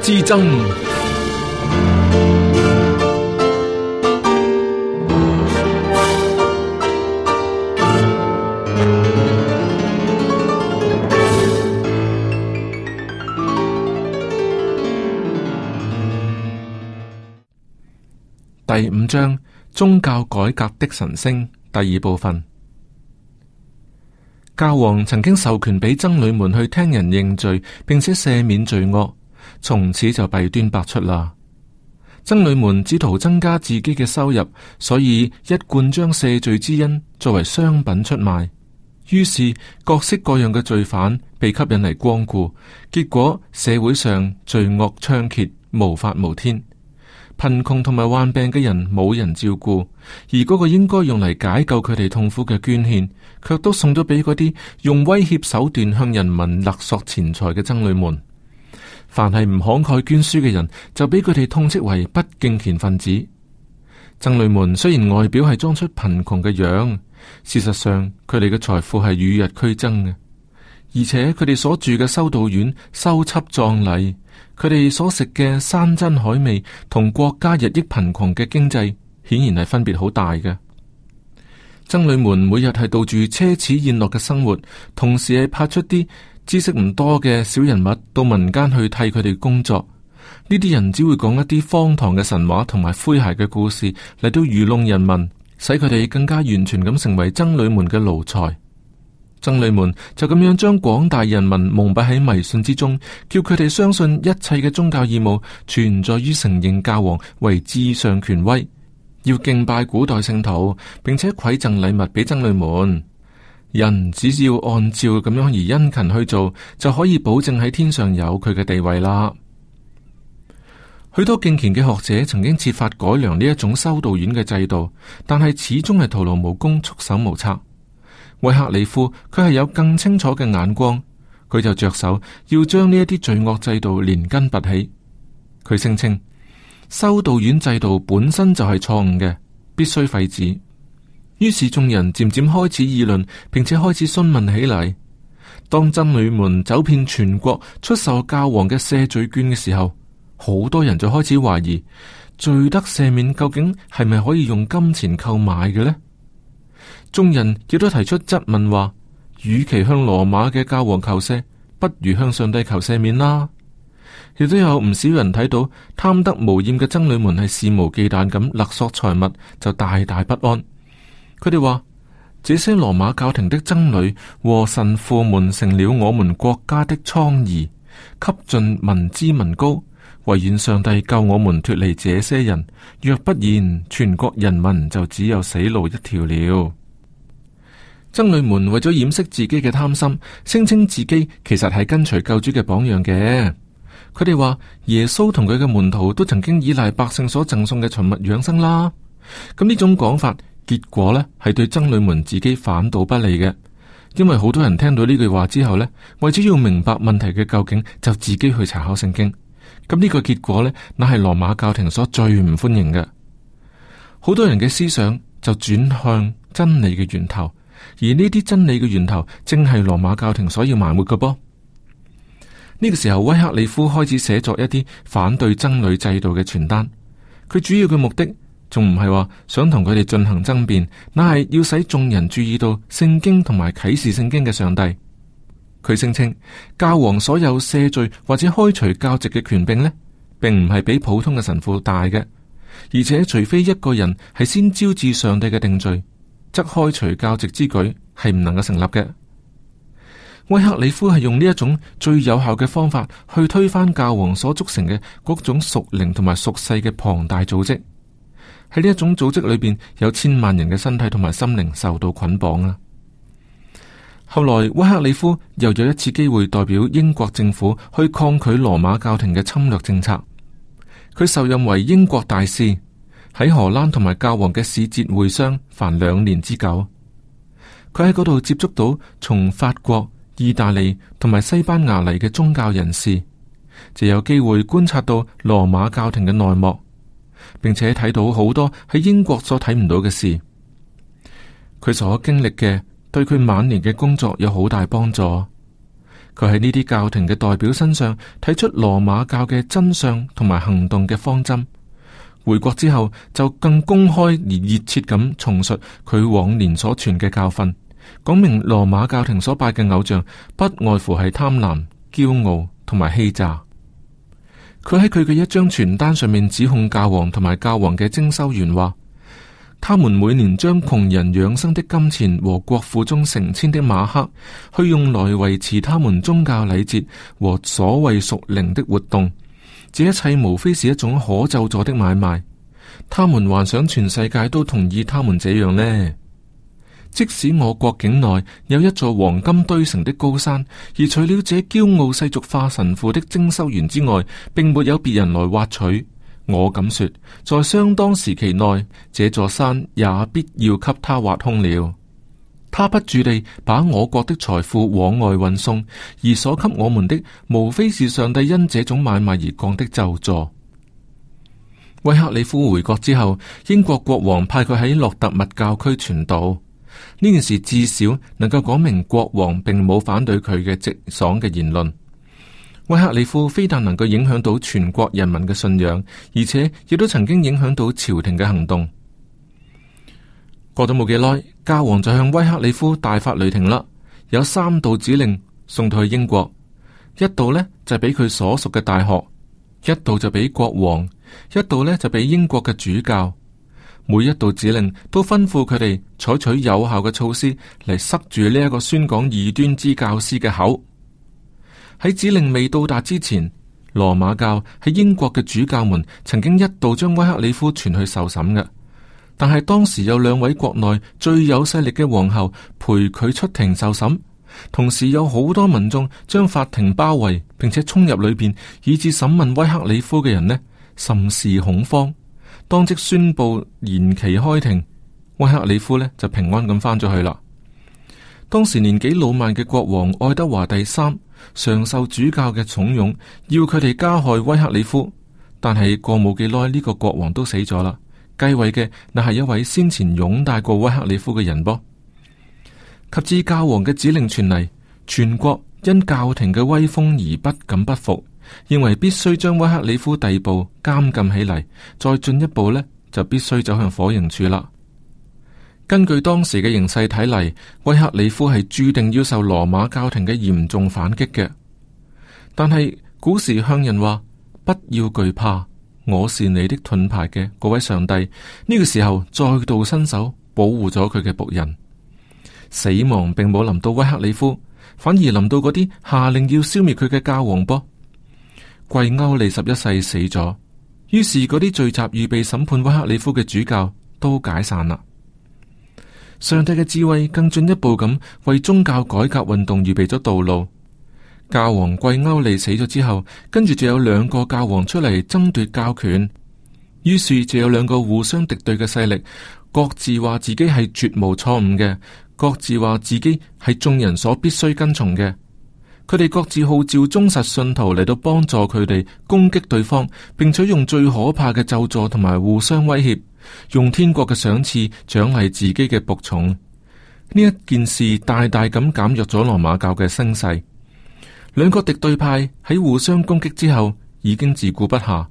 之爭。第五章宗教改革的晨星第二部分。教皇曾經授權俾僧侶們去聽人認罪，並且赦免罪惡。從此就弊端百出啦！僧侶們只圖增加自己嘅收入，所以一貫將赦罪之恩作為商品出賣。於是各式各樣嘅罪犯被吸引嚟光顧，結果社會上罪惡猖獗，無法無天。貧窮同埋患病嘅人冇人照顧，而嗰個應該用嚟解救佢哋痛苦嘅捐獻，卻都送咗俾嗰啲用威脅手段向人民勒索錢財嘅僧侶們。凡係唔慷慨捐輸嘅人，就俾佢哋痛斥為不敬虔分子。僧侶們雖然外表係裝出貧窮嘅樣，事實上佢哋嘅財富係與日俱增嘅。而且佢哋所住嘅修道院修壯、修葺壯麗，佢哋所食嘅山珍海味，同國家日益貧窮嘅經濟，顯然係分別好大嘅。僧侶們每日係度住奢侈宴樂嘅生活，同時係拍出啲。知識唔多嘅小人物到民間去替佢哋工作，呢啲人只會講一啲荒唐嘅神話同埋詼諧嘅故事嚟到愚弄人民，使佢哋更加完全咁成為僧侶們嘅奴才。僧侶們就咁樣將廣大人民蒙蔽喺迷信之中，叫佢哋相信一切嘅宗教義務存在於承認教皇為至上權威，要敬拜古代聖徒，並且饋贈禮物俾僧侶們。人只要按照咁樣而殷勤去做，就可以保證喺天上有佢嘅地位啦。許多敬虔嘅學者曾經設法改良呢一種修道院嘅制度，但係始終係徒勞無功、束手無策。維克里夫佢係有更清楚嘅眼光，佢就着手要將呢一啲罪惡制度連根拔起。佢聲稱，修道院制度本身就係錯誤嘅，必須廢止。於是眾人漸漸開始議論，並且開始詢問起嚟。當僧侶們走遍全國出售教皇嘅赦罪券嘅時候，好多人就開始懷疑罪得赦免究竟係咪可以用金錢購買嘅呢？眾人亦都提出質問：話與其向羅馬嘅教皇求赦，不如向上帝求赦免啦。亦都有唔少人睇到貪得無厭嘅僧侶們係肆無忌憚咁勒索財物，就大大不安。佢哋話：這些羅馬教廷的僧侶和神父們成了我們國家的蒼蠅，吸盡民脂民膏。唯願上帝救我們脫離這些人，若不然，全國人民就只有死路一條了。僧侶們為咗掩飾自己嘅貪心，聲稱自己其實係跟隨救主嘅榜樣嘅。佢哋話：耶穌同佢嘅門徒都曾經依賴百姓所贈送嘅財物養生啦。咁呢種講法。結果呢，係對僧侶們自己反倒不利嘅，因為好多人聽到呢句話之後呢，為咗要明白問題嘅究竟，就自己去查考聖經。咁、嗯、呢、這個結果呢，乃係羅馬教廷所最唔歡迎嘅。好多人嘅思想就轉向真理嘅源頭，而呢啲真理嘅源頭正係羅馬教廷所要埋沒嘅噃。呢、這個時候，威克里夫開始寫作一啲反對僧侶制度嘅傳單，佢主要嘅目的。仲唔係話想同佢哋進行爭辯，那係要使眾人注意到聖經同埋啟示聖經嘅上帝。佢聲稱教皇所有赦罪或者開除教籍嘅權柄呢，並唔係比普通嘅神父大嘅。而且，除非一個人係先招致上帝嘅定罪，則開除教籍之舉係唔能夠成立嘅。威克里夫係用呢一種最有效嘅方法去推翻教皇所促成嘅各種屬靈同埋屬世嘅龐大組織。喺呢一種組織裏邊，有千萬人嘅身體同埋心靈受到捆綁啊！後來，威克里夫又有一次機會代表英國政府去抗拒羅馬教廷嘅侵略政策。佢受任為英國大使，喺荷蘭同埋教皇嘅使節會商，凡兩年之久。佢喺嗰度接觸到從法國、意大利同埋西班牙嚟嘅宗教人士，就有機會觀察到羅馬教廷嘅內幕。並且睇到好多喺英國所睇唔到嘅事，佢所經歷嘅對佢晚年嘅工作有好大幫助。佢喺呢啲教廷嘅代表身上睇出羅馬教嘅真相同埋行動嘅方針，回國之後就更公開而熱切咁重述佢往年所傳嘅教訓，講明羅馬教廷所拜嘅偶像不外乎係貪婪、驕傲同埋欺詐。佢喺佢嘅一張傳單上面指控教皇同埋教皇嘅徵收員話，他們每年將窮人養生的金錢和國庫中成千的馬克去用來維持他們宗教禮節和所謂屬靈的活動，這一切無非是一種可咒詛的買賣。他們幻想全世界都同意他們這樣呢？.即使我國境內有一座黃金堆成的高山，而除了這驕傲世俗化神父的徵收員之外，並沒有別人來挖取。我敢說，在相當時期內，這座山也必要給他挖空了。他不住地把我國的財富往外運送，而所給我們的，無非是上帝因這種買賣而降的咒詛。威克里夫回國之後，英國國王派佢喺洛特密教區傳道。呢件事至少能夠講明國王并冇反對佢嘅直爽嘅言論。威克里夫非但能夠影響到全國人民嘅信仰，而且亦都曾經影響到朝廷嘅行動。過咗冇幾耐，教皇就向威克里夫大發雷霆啦，有三道指令送到去英國，一道呢，就係俾佢所屬嘅大學，一道就俾國王，一道呢，就俾英國嘅主教。每一道指令都吩咐佢哋採取有效嘅措施嚟塞住呢一個宣講異端之教師嘅口。喺指令未到達之前，羅馬教喺英國嘅主教們曾經一度將威克里夫傳去受審嘅。但係當時有兩位國內最有勢力嘅皇后陪佢出庭受審，同時有好多民眾將法庭包圍，並且衝入裏邊，以至審問威克里夫嘅人呢，甚是恐慌。當即宣布延期開庭，威克里夫呢就平安咁翻咗去啦。當時年紀老邁嘅國王愛德華第三，常受主教嘅慫恿，要佢哋加害威克里夫。但係過冇幾耐，呢、這個國王都死咗啦，繼位嘅那係一位先前擁戴過威克里夫嘅人。噃。及至教皇嘅指令傳嚟，全國因教廷嘅威風而不敢不服。認為必須將威克里夫逮捕監禁起嚟，再進一步呢，就必須走向火刑處啦。根據當時嘅形勢睇嚟，威克里夫係注定要受羅馬教廷嘅嚴重反擊嘅。但係古時鄉人話：「不要懼怕，我是你的盾牌嘅嗰位上帝，呢個時候再度伸手保護咗佢嘅僕人，死亡並冇臨到威克里夫，反而臨到嗰啲下令要消滅佢嘅教皇波。貴歐利十一世死咗，於是嗰啲聚集預備審判威克里夫嘅主教都解散啦。上帝嘅智慧更進一步咁為宗教改革運動預備咗道路。教皇貴歐利死咗之後，跟住就有兩個教皇出嚟爭奪教權，於是就有兩個互相敵對嘅勢力，各自話自己係絕無錯誤嘅，各自話自己係眾人所必須跟從嘅。佢哋各自號召忠實信徒嚟到幫助佢哋攻擊對方，並且用最可怕嘅咒詛同埋互相威脅，用天國嘅賞賜獎勵自己嘅僕從。呢一件事大大咁減弱咗羅馬教嘅聲勢。兩個敵對派喺互相攻擊之後，已經自顧不暇，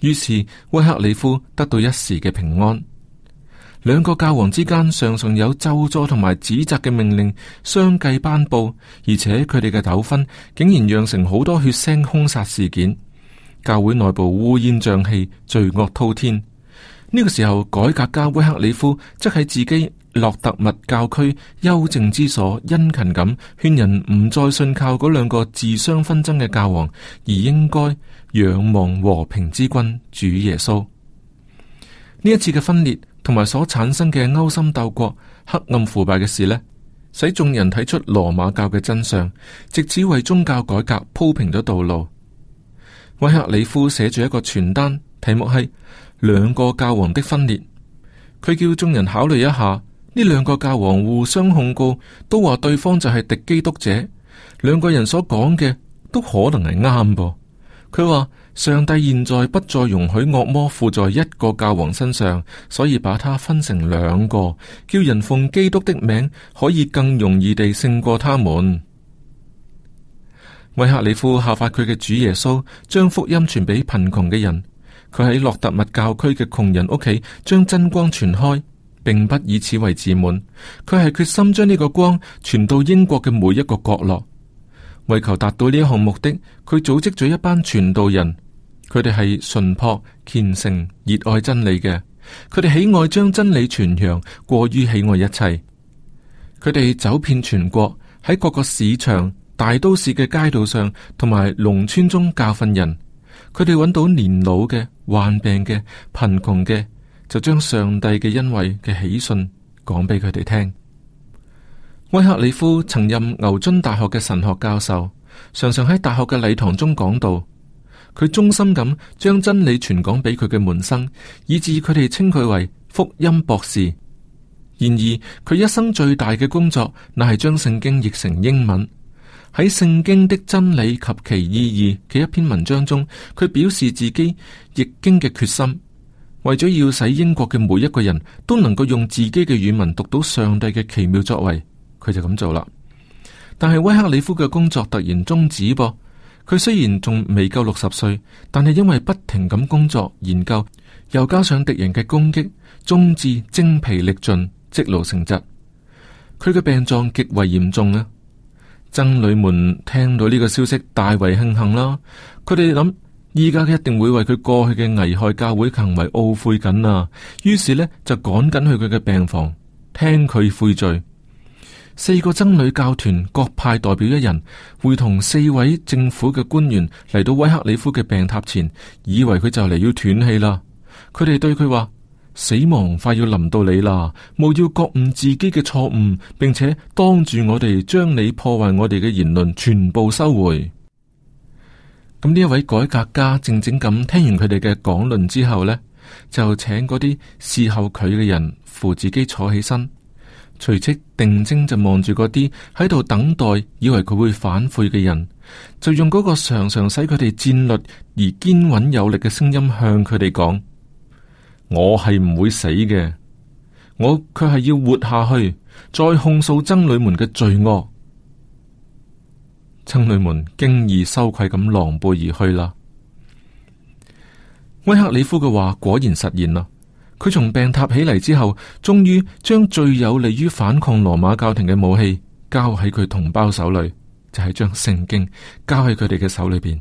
於是威克里夫得到一時嘅平安。兩個教皇之間常常有咒詛同埋指責嘅命令相繼頒布，而且佢哋嘅糾紛竟然釀成好多血腥兇殺事件。教會內部烏煙瘴氣，罪惡滔天。呢、這個時候，改革家威克里夫則喺自己洛特密教區幽靜之所，殷勤咁勸人唔再信靠嗰兩個自相紛爭嘅教皇，而應該仰望和平之君主耶穌。呢一次嘅分裂。同埋所產生嘅勾心鬥角、黑暗腐敗嘅事呢，使眾人睇出羅馬教嘅真相，直至為宗教改革鋪平咗道路。威克里夫寫住一個傳單，題目係兩個教皇的分裂。佢叫眾人考慮一下，呢兩個教皇互相控告，都話對方就係敵基督者。兩個人所講嘅都可能係啱噃。佢話。上帝現在不再容許惡魔附在一個教皇身上，所以把它分成兩個，叫人奉基督的名可以更容易地勝過他們。威克里夫效法佢嘅主耶穌，將福音傳俾貧窮嘅人。佢喺洛特密教區嘅窮人屋企將真光傳開，並不以此為自滿。佢係決心將呢個光傳到英國嘅每一個角落，為求達到呢一項目的，佢組織咗一班傳道人。佢哋係純樸、虔誠、熱愛真理嘅，佢哋喜愛將真理傳揚，過於喜愛一切。佢哋走遍全國，喺各個市場、大都市嘅街道上，同埋農村中教訓人。佢哋揾到年老嘅、患病嘅、貧窮嘅，就將上帝嘅恩惠嘅喜訊講俾佢哋聽。威克里夫曾任牛津大學嘅神學教授，常常喺大學嘅禮堂中講道。佢衷心咁將真理傳講俾佢嘅門生，以致佢哋稱佢為福音博士。然而，佢一生最大嘅工作，乃係將聖經譯成英文。喺聖經的真理及其意義嘅一篇文章中，佢表示自己譯經嘅決心，為咗要使英國嘅每一個人都能夠用自己嘅語文讀到上帝嘅奇妙作為，佢就咁做啦。但係威克里夫嘅工作突然終止噃。佢雖然仲未夠六十歲，但係因為不停咁工作研究，又加上敵人嘅攻擊，終至精疲力盡，積勞成疾。佢嘅病狀極為嚴重啊！僧侶們聽到呢個消息，大為慶幸啦。佢哋諗，依家佢一定會為佢過去嘅危害教會行為懊悔緊啦、啊。於是呢，就趕緊去佢嘅病房，聽佢悔罪。四個僧侶教團各派代表一人，會同四位政府嘅官員嚟到威克里夫嘅病榻前，以為佢就嚟要斷氣啦。佢哋對佢話：死亡快要臨到你啦，務要覺悟自己嘅錯誤，並且當住我哋將你破壞我哋嘅言論全部收回。咁呢一位改革家靜靜咁聽完佢哋嘅講論之後呢，就請嗰啲侍候佢嘅人扶自己坐起身。隨即定睛就望住嗰啲喺度等待，以為佢會反悔嘅人，就用嗰個常常使佢哋戰栗而堅穩有力嘅聲音向佢哋講：我係唔會死嘅，我卻係要活下去，再控訴僧侶們嘅罪惡。僧侶們驚異羞愧咁狼狽而去啦。威克里夫嘅話果然實現啦。佢從病榻起嚟之後，終於將最有利於反抗羅馬教廷嘅武器交喺佢同胞手裏，就係、是、將聖經交喺佢哋嘅手裏邊。呢、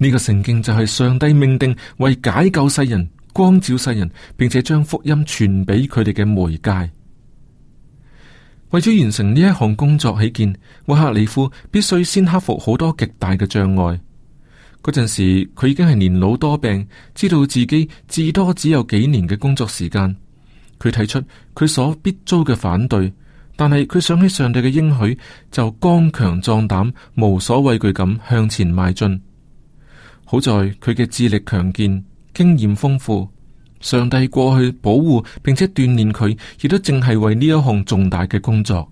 這個聖經就係上帝命定為解救世人、光照世人，並且將福音傳俾佢哋嘅媒介。為咗完成呢一項工作起見，瓦克里夫必須先克服好多極大嘅障礙。嗰陣時，佢已經係年老多病，知道自己至多只有幾年嘅工作時間。佢睇出佢所必遭嘅反對，但係佢想起上帝嘅應許，就剛強壯膽，無所畏懼咁向前邁進。好在佢嘅智力強健，經驗豐富，上帝過去保護並且鍛煉佢，亦都正係為呢一項重大嘅工作。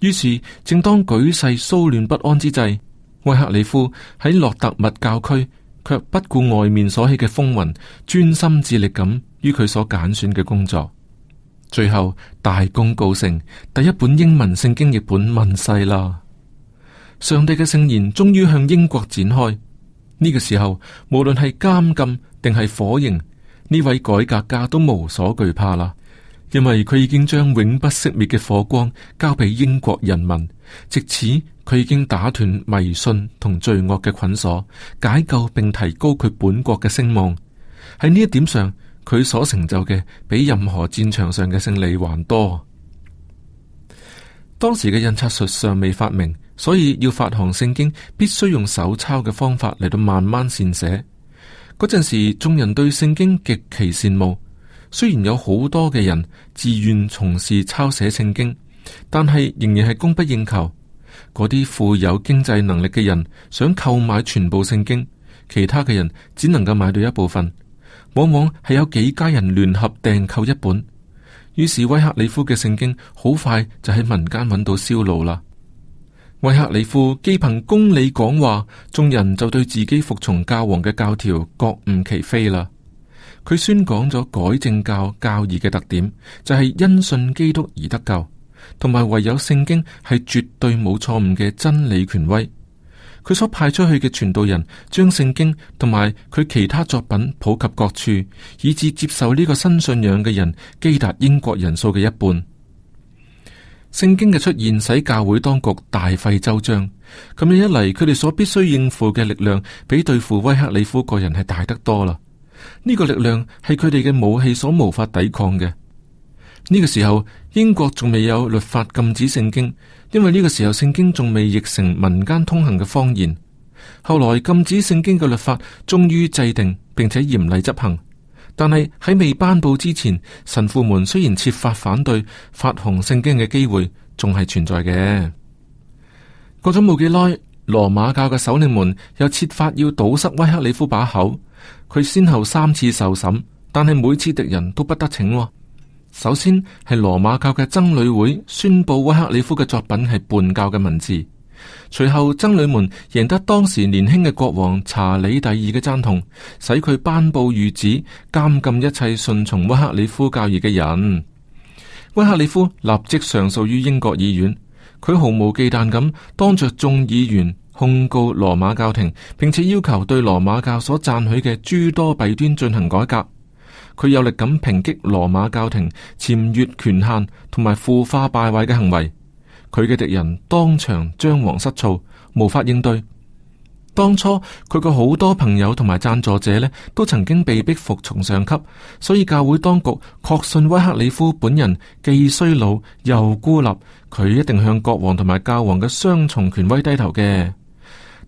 於是，正當舉世騷亂不安之際，威克里夫喺洛特密教區，卻不顧外面所起嘅風雲，專心致力咁於佢所揀選嘅工作，最後大功告成，第一本英文聖經譯本問世啦！上帝嘅聖言終於向英國展開。呢、這個時候，無論係監禁定係火刑，呢位改革家都無所懼怕啦，因為佢已經將永不熄滅嘅火光交俾英國人民，直至。佢已經打斷迷信同罪惡嘅捆鎖，解救並提高佢本國嘅聲望。喺呢一點上，佢所成就嘅比任何戰場上嘅勝利還多。當時嘅印刷術尚未發明，所以要發行聖經必須用手抄嘅方法嚟到慢慢繕寫。嗰陣時，眾人對聖經極其羨慕，雖然有好多嘅人自願從事抄寫聖經，但係仍然係供不應求。嗰啲富有經濟能力嘅人想購買全部聖經，其他嘅人只能夠買到一部分。往往係有幾家人聯合訂購一本，於是威克里夫嘅聖經好快就喺民間揾到銷路啦。威克里夫基憑公理講話，眾人就對自己服從教皇嘅教條各悟其非啦。佢宣講咗改正教教義嘅特點，就係、是、因信基督而得救。同埋唯有聖經係絕對冇錯誤嘅真理權威，佢所派出去嘅傳道人將聖經同埋佢其他作品普及各處，以致接受呢個新信仰嘅人基達英國人數嘅一半。聖經嘅出現使教會當局大費周章，咁樣一嚟，佢哋所必須應付嘅力量比對付威克里夫個人係大得多啦。呢個力量係佢哋嘅武器所無法抵抗嘅。呢個時候，英國仲未有律法禁止聖經，因為呢個時候聖經仲未譯成民間通行嘅方言。後來禁止聖經嘅律法終於制定，並且嚴厲執行。但係喺未頒佈之前，神父們雖然設法反對，發行聖經嘅機會仲係存在嘅。過咗冇幾耐，羅馬教嘅首領們又設法要堵塞威克里夫把口。佢先後三次受審，但係每次敵人都不得逞。首先係羅馬教嘅僧侶會宣布威克里夫嘅作品係叛教嘅文字，隨後僧侶們贏得當時年輕嘅國王查理第二嘅贊同，使佢頒布御旨，監禁一切順從威克里夫教義嘅人。威克里夫立即上訴於英國議院，佢毫無忌憚咁當着眾議員控告羅馬教廷，並且要求對羅馬教所贊許嘅諸多弊端進行改革。佢有力咁抨擊羅馬教廷僭越權限同埋腐化敗壞嘅行為，佢嘅敵人當場張皇失措，無法應對。當初佢嘅好多朋友同埋贊助者呢，都曾經被逼服從上級，所以教會當局確信威克里夫本人既衰老又孤立，佢一定向國王同埋教王嘅雙重權威低頭嘅。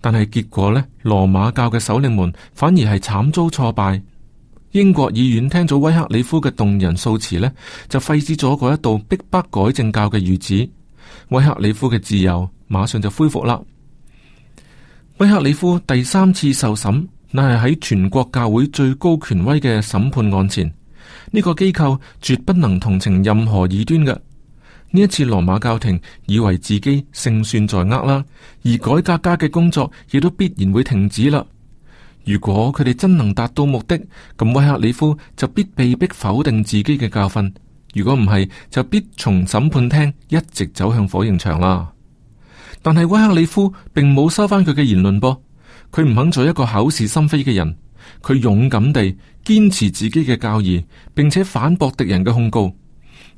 但係結果呢，羅馬教嘅首領們反而係慘遭挫敗。英國議院聽咗威克里夫嘅動人訴詞呢，就廢止咗嗰一度逼迫改正教嘅諭旨，威克里夫嘅自由馬上就恢復啦。威克里夫第三次受審，乃係喺全國教會最高權威嘅審判案前，呢個機構絕不能同情任何異端嘅。呢一次羅馬教廷以為自己勝算在握啦，而改革家嘅工作亦都必然會停止啦。如果佢哋真能達到目的，咁威克里夫就必被迫否定自己嘅教訓；如果唔係，就必從審判廳一直走向火刑場啦。但係威克里夫並冇收翻佢嘅言論噃，佢唔肯做一個口是心非嘅人。佢勇敢地堅持自己嘅教義，並且反駁敵人嘅控告。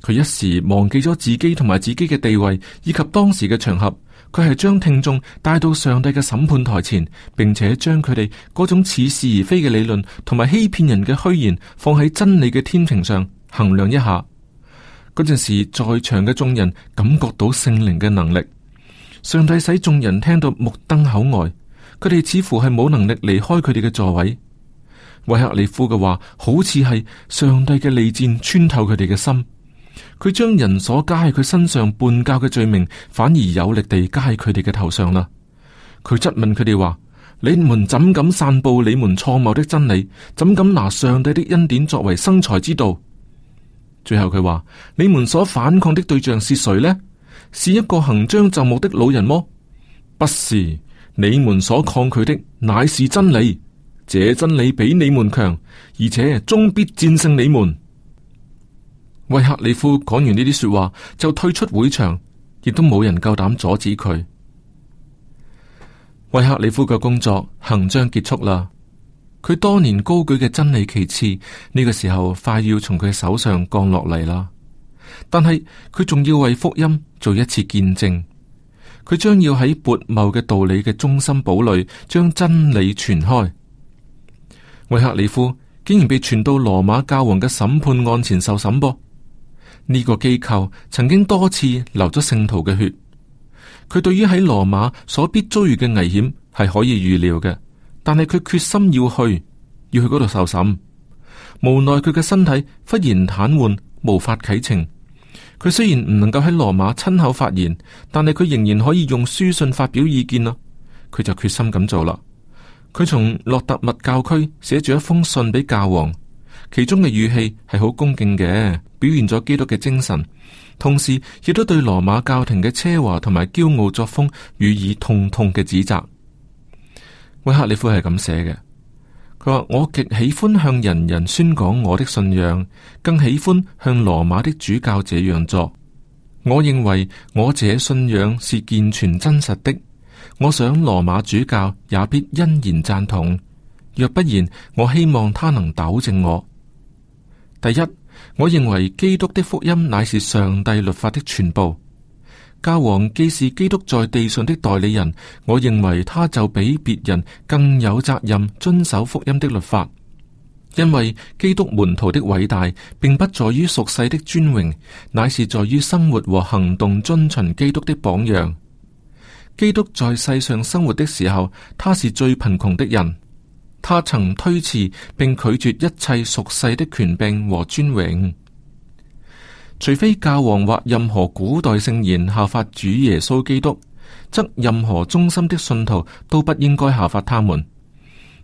佢一時忘記咗自己同埋自己嘅地位，以及當時嘅場合。佢係將聽眾帶到上帝嘅審判台前，並且將佢哋嗰種似是而非嘅理論同埋欺騙人嘅虛言放喺真理嘅天平上衡量一下。嗰陣時在場嘅眾人感覺到聖靈嘅能力，上帝使眾人聽到目瞪口呆，佢哋似乎係冇能力離開佢哋嘅座位。維克里夫嘅話好似係上帝嘅利劍穿透佢哋嘅心。佢將人所加喺佢身上叛教嘅罪名，反而有力地加喺佢哋嘅頭上啦。佢質問佢哋話：你們怎敢散布你們錯謬的真理？怎敢拿上帝的恩典作為生財之道？最後佢話：你們所反抗的對象是誰呢？是一個行將就木的老人麼？不是，你們所抗拒的乃是真理。這真理比你們強，而且終必戰勝你們。維克里夫講完呢啲說話，就退出會場，亦都冇人夠膽阻止佢。維克里夫嘅工作行將結束啦，佢多年高舉嘅真理旗幟呢、這個時候快要從佢手上降落嚟啦。但係佢仲要為福音做一次見證，佢將要喺撥茂嘅道理嘅中心堡壘，將真理傳開。維克里夫竟然被傳到羅馬教皇嘅審判案前受審噃。呢個機構曾經多次流咗聖徒嘅血，佢對於喺羅馬所必遭遇嘅危險係可以預料嘅，但係佢決心要去，要去嗰度受審。無奈佢嘅身體忽然癱瘓，無法啟程。佢雖然唔能夠喺羅馬親口發言，但係佢仍然可以用書信發表意見啦。佢就決心咁做啦。佢從洛特密教區寫住一封信俾教皇。其中嘅語氣係好恭敬嘅，表現咗基督嘅精神，同時亦都對羅馬教廷嘅奢華同埋驕傲作風予以痛痛嘅指責。威克里夫係咁寫嘅，佢話：我極喜歡向人人宣講我的信仰，更喜歡向羅馬的主教這樣做。我認為我這信仰是健全真實的，我想羅馬主教也必欣然贊同。若不然，我希望他能糾正我。第一，我認為基督的福音乃是上帝律法的全部。教皇既是基督在地上的代理人，我認為他就比別人更有責任遵守福音的律法。因為基督門徒的偉大，並不在於俗世的尊榮，乃是在於生活和行動遵循基督的榜樣。基督在世上生活的時候，他是最貧窮的人。他曾推辭並拒絕一切屬世的權柄和尊榮，除非教皇或任何古代聖賢效法主耶穌基督，則任何忠心的信徒都不應該效法他們，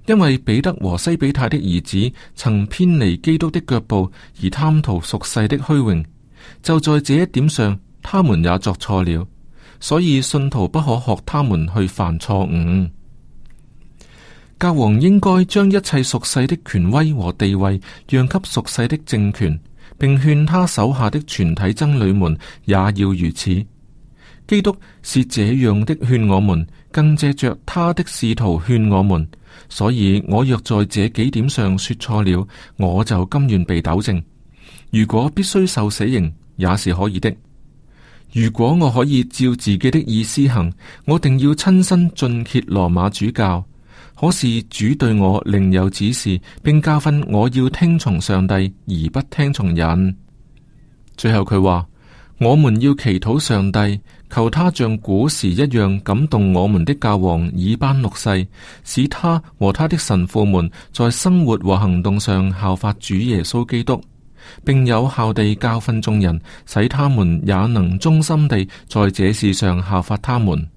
因為彼得和西庇太的兒子曾偏離基督的腳步而貪圖屬世的虛榮，就在這一點上，他們也作錯了，所以信徒不可學他們去犯錯誤。教皇應該將一切屬世的權威和地位讓給屬世的政權，並勸他手下的全體僧侶們也要如此。基督是這樣的勸我們，更借着他的仕途勸我們。所以我若在這幾點上說錯了，我就甘願被糾正。如果必須受死刑，也是可以的。如果我可以照自己的意思行，我定要親身進揭羅馬主教。可是主對我另有指示，並教訓我要聽從上帝而不聽從人。最後佢話：我們要祈禱上帝，求他像古時一樣感動我們的教皇以班六世，使他和他的神父們在生活和行動上效法主耶穌基督，並有效地教訓眾人，使他們也能忠心地在這事上效法他們。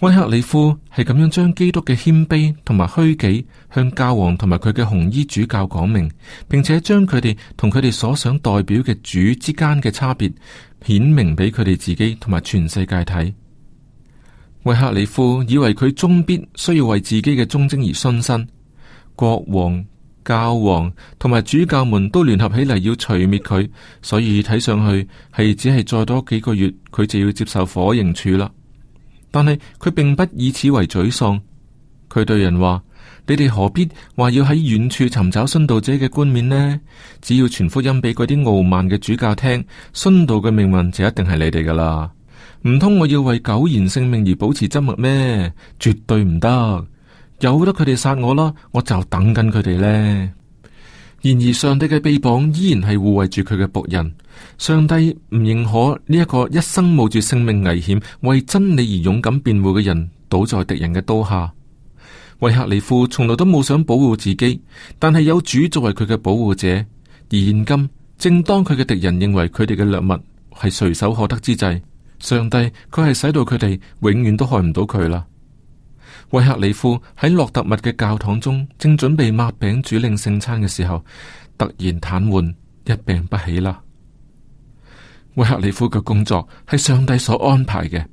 威克里夫係咁樣將基督嘅謙卑同埋虛己向教皇同埋佢嘅紅衣主教講明，並且將佢哋同佢哋所想代表嘅主之間嘅差別顯明俾佢哋自己同埋全世界睇。威克里夫以為佢終必需要為自己嘅忠貞而殉身，國王、教皇同埋主教們都聯合起嚟要除滅佢，所以睇上去係只係再多幾個月，佢就要接受火刑處啦。但係佢並不以此為沮喪，佢對人話：你哋何必話要喺遠處尋找殉道者嘅冠冕呢？只要傳福音俾嗰啲傲慢嘅主教聽，殉道嘅命運就一定係你哋噶啦。唔通我要為苟延性命而保持緘默咩？絕對唔得！由得佢哋殺我啦，我就等緊佢哋呢。」然而，上帝嘅臂膀依然係護衛住佢嘅僕人。上帝唔認可呢一個一生冒住性命危險，為真理而勇敢辯護嘅人倒在敵人嘅刀下。維克利夫從來都冇想保護自己，但係有主作為佢嘅保護者。而現今，正當佢嘅敵人認為佢哋嘅掠物係隨手可得之際，上帝佢係使到佢哋永遠都害唔到佢啦。威克里夫喺洛特密嘅教堂中，正準備抹餅主令聖餐嘅時候，突然癱瘓，一病不起啦。威克里夫嘅工作係上帝所安排嘅，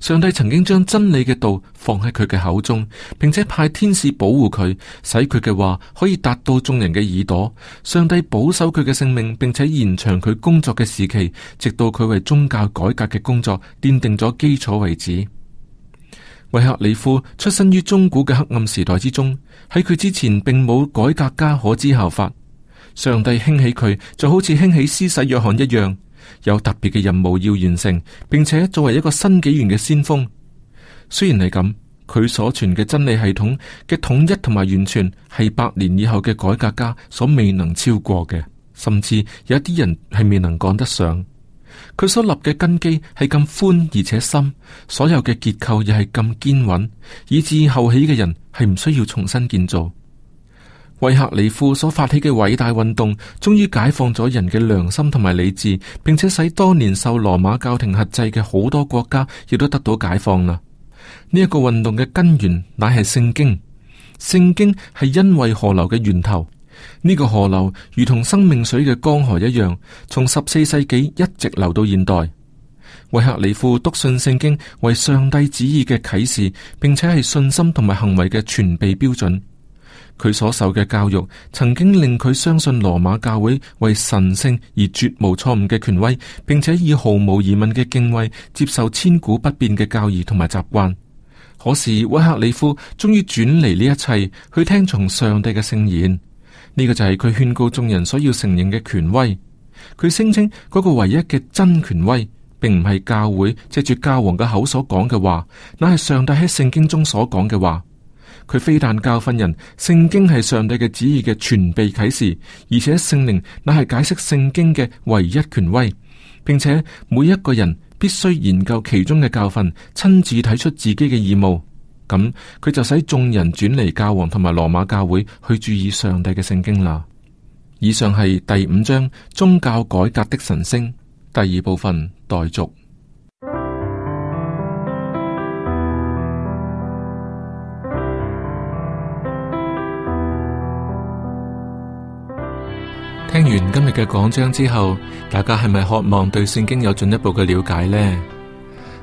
上帝曾經將真理嘅道放喺佢嘅口中，並且派天使保護佢，使佢嘅話可以達到眾人嘅耳朵。上帝保守佢嘅性命，並且延長佢工作嘅時期，直到佢為宗教改革嘅工作奠定咗基礎為止。維克里夫出身於中古嘅黑暗時代之中，喺佢之前並冇改革家可知效法。上帝興起佢，就好似興起施洗約翰一樣，有特別嘅任務要完成，並且作為一個新紀元嘅先鋒。雖然係咁，佢所傳嘅真理系統嘅統一同埋完全係百年以後嘅改革家所未能超過嘅，甚至有一啲人係未能趕得上。佢所立嘅根基係咁寬而且深，所有嘅結構又係咁堅穩，以至後起嘅人係唔需要重新建造。維克里夫所發起嘅偉大運動，終於解放咗人嘅良心同埋理智，並且使多年受羅馬教廷核制嘅好多國家亦都得到解放啦。呢、這、一個運動嘅根源乃係聖經，聖經係因為河流嘅源頭。呢個河流如同生命水嘅江河一樣，從十四世紀一直流到現代。威克里夫篤信聖經為上帝旨意嘅啟示，並且係信心同埋行為嘅全備標準。佢所受嘅教育曾經令佢相信羅馬教會為神聖而絕無錯誤嘅權威，並且以毫無疑問嘅敬畏接受千古不變嘅教義同埋習慣。可是威克里夫終於轉離呢一切，去聽從上帝嘅聖言。呢個就係佢勸告眾人所要承認嘅權威，佢聲稱嗰個唯一嘅真權威，並唔係教會借住教皇嘅口所講嘅話，乃係上帝喺聖經中所講嘅話。佢非但教訓人，聖經係上帝嘅旨意嘅全備啟示，而且聖靈乃係解釋聖經嘅唯一權威，並且每一個人必須研究其中嘅教訓，親自睇出自己嘅義務。咁佢就使眾人轉離教皇同埋羅馬教會去注意上帝嘅聖經啦。以上係第五章宗教改革的晨星，第二部分待續。代聽完今日嘅講章之後，大家係咪渴望對聖經有進一步嘅了解呢？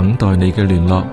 等待你嘅聯絡。